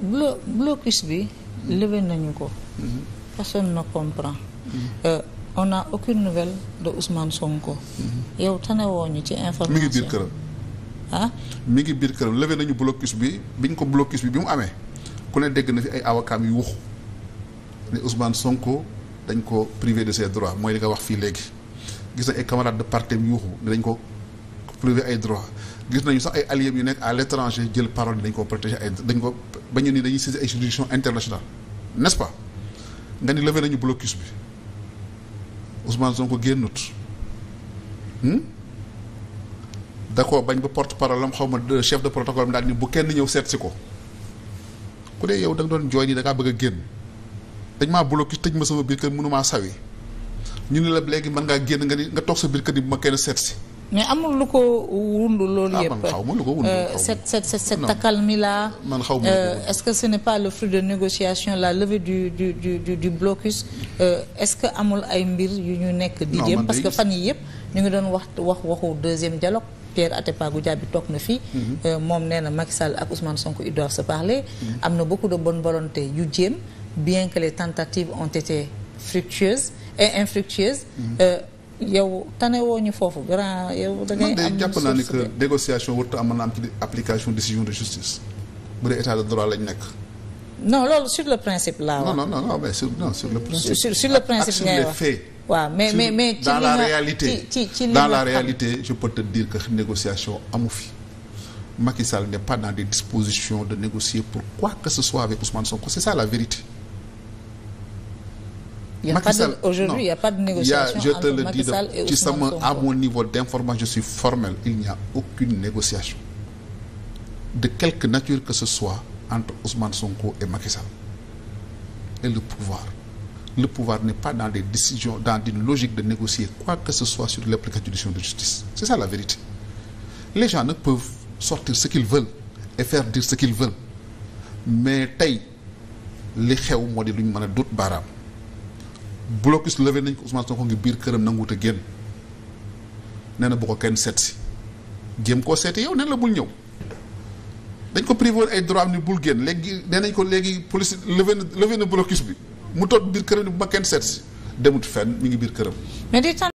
blo blocus bi levé nañu ko mhm. personne ne comprend mhm. euh, on n'a aucune nouvelle de Ousmane Sonko mhm. yow tanewoo ñu ci information mi ngi biir këram ah ngi biir këram levé nañu blocus bi biñ ko blocus bi bi mu amee ku ne dégg na fi ay awakaam yu ne Ousmane Sonko dañ ko privé de ses droits mooy li nga wax fii léegi gis na ay camarades de parti yu ne dañ ko privé ay droit gis nañu sax ay alliés yu nekk à l'étranger jël parole dañ ko protéger ay dañ ko ba ñu ni dañuy saisir ay juridiction internationale n'est-ce pas ni levé nañu blocus bi Ousmane Sonko génnut hmm? da ko bañ ba porte parole am xaw ma chef de protocole am daal ni bu kenn ñëw seet si ko ku dee yow da doon jooy ni da bëgg a génn dañ maa bloqué tëj ma sama biir kër mënumaa sawi ñu ne la léegi man ngaa génn nga ni nga toog sa biir kër bu ma kenn seet si mais amul lu ko wund loolu ah, yëpp xaw ma lu ko wund euh, cette cette cette accalmie là man xaw ma euh, est-ce que ce n'est pas le fruit de négociation la levée du du du du, du euh, est-ce que amul ay mbir yu ñu nekk di jéem parce que fan yi yëpp ñu ngi doon wax wax waxu deuxième dialogue Pierre Atepa Goudiaby toog na fi mhm. moom nee na Macky Sall ak Ousmane Sonko ils doivent se parler mhm. am na beaucoup de bonne volonté yu jéem bien que les tentatives ont été fructueuses et infructueuses mhm. yow tane woo ñu foofu grand yow. da ngay am jàpp naa ni que négociation warut am na am ci application décision de justice bu dee état de droit lañ nekk. non loolu sur le principe laa wax. non non mais le principe. sur sur le principe mais mais ci dans la réalité ci ci dans la réalité je peux te dire que négociation amu fi. Macky Sall n'est pas dans des de négocier pour quoi que ce soit avec Ousmane Sonko c'est ça la vérité. Macky Sall aujourd'hui il y a pas de négociation je te le dis de ci sama à mon niveau d'information je suis formel il n'y a aucune négociation de quelque nature que ce soit entre Ousmane Sonko et Macky et le pouvoir le pouvoir n'est pas dans des décisions dans une logique de négocier quoi que ce soit sur l'application de justice c'est ça la vérité les gens nag peuvent sortir ce qu'ils veulent et faire dire ce qu'ils veulent mais tey li xew moo lu ñu mën a dut baaraam blocus levé nañ ko Ousmane Sonko ngi biir këram nanguwut a génn nee na bu ko kenn seet si jéem koo seeti yow nen la bul ñëw dañ ko privé ay droit am ni bul génn léegi nee nañ ko léegi police levé na levé na bi mu toog biir këram ni bu ma kenn seet si demut fenn mi ngi biir këram.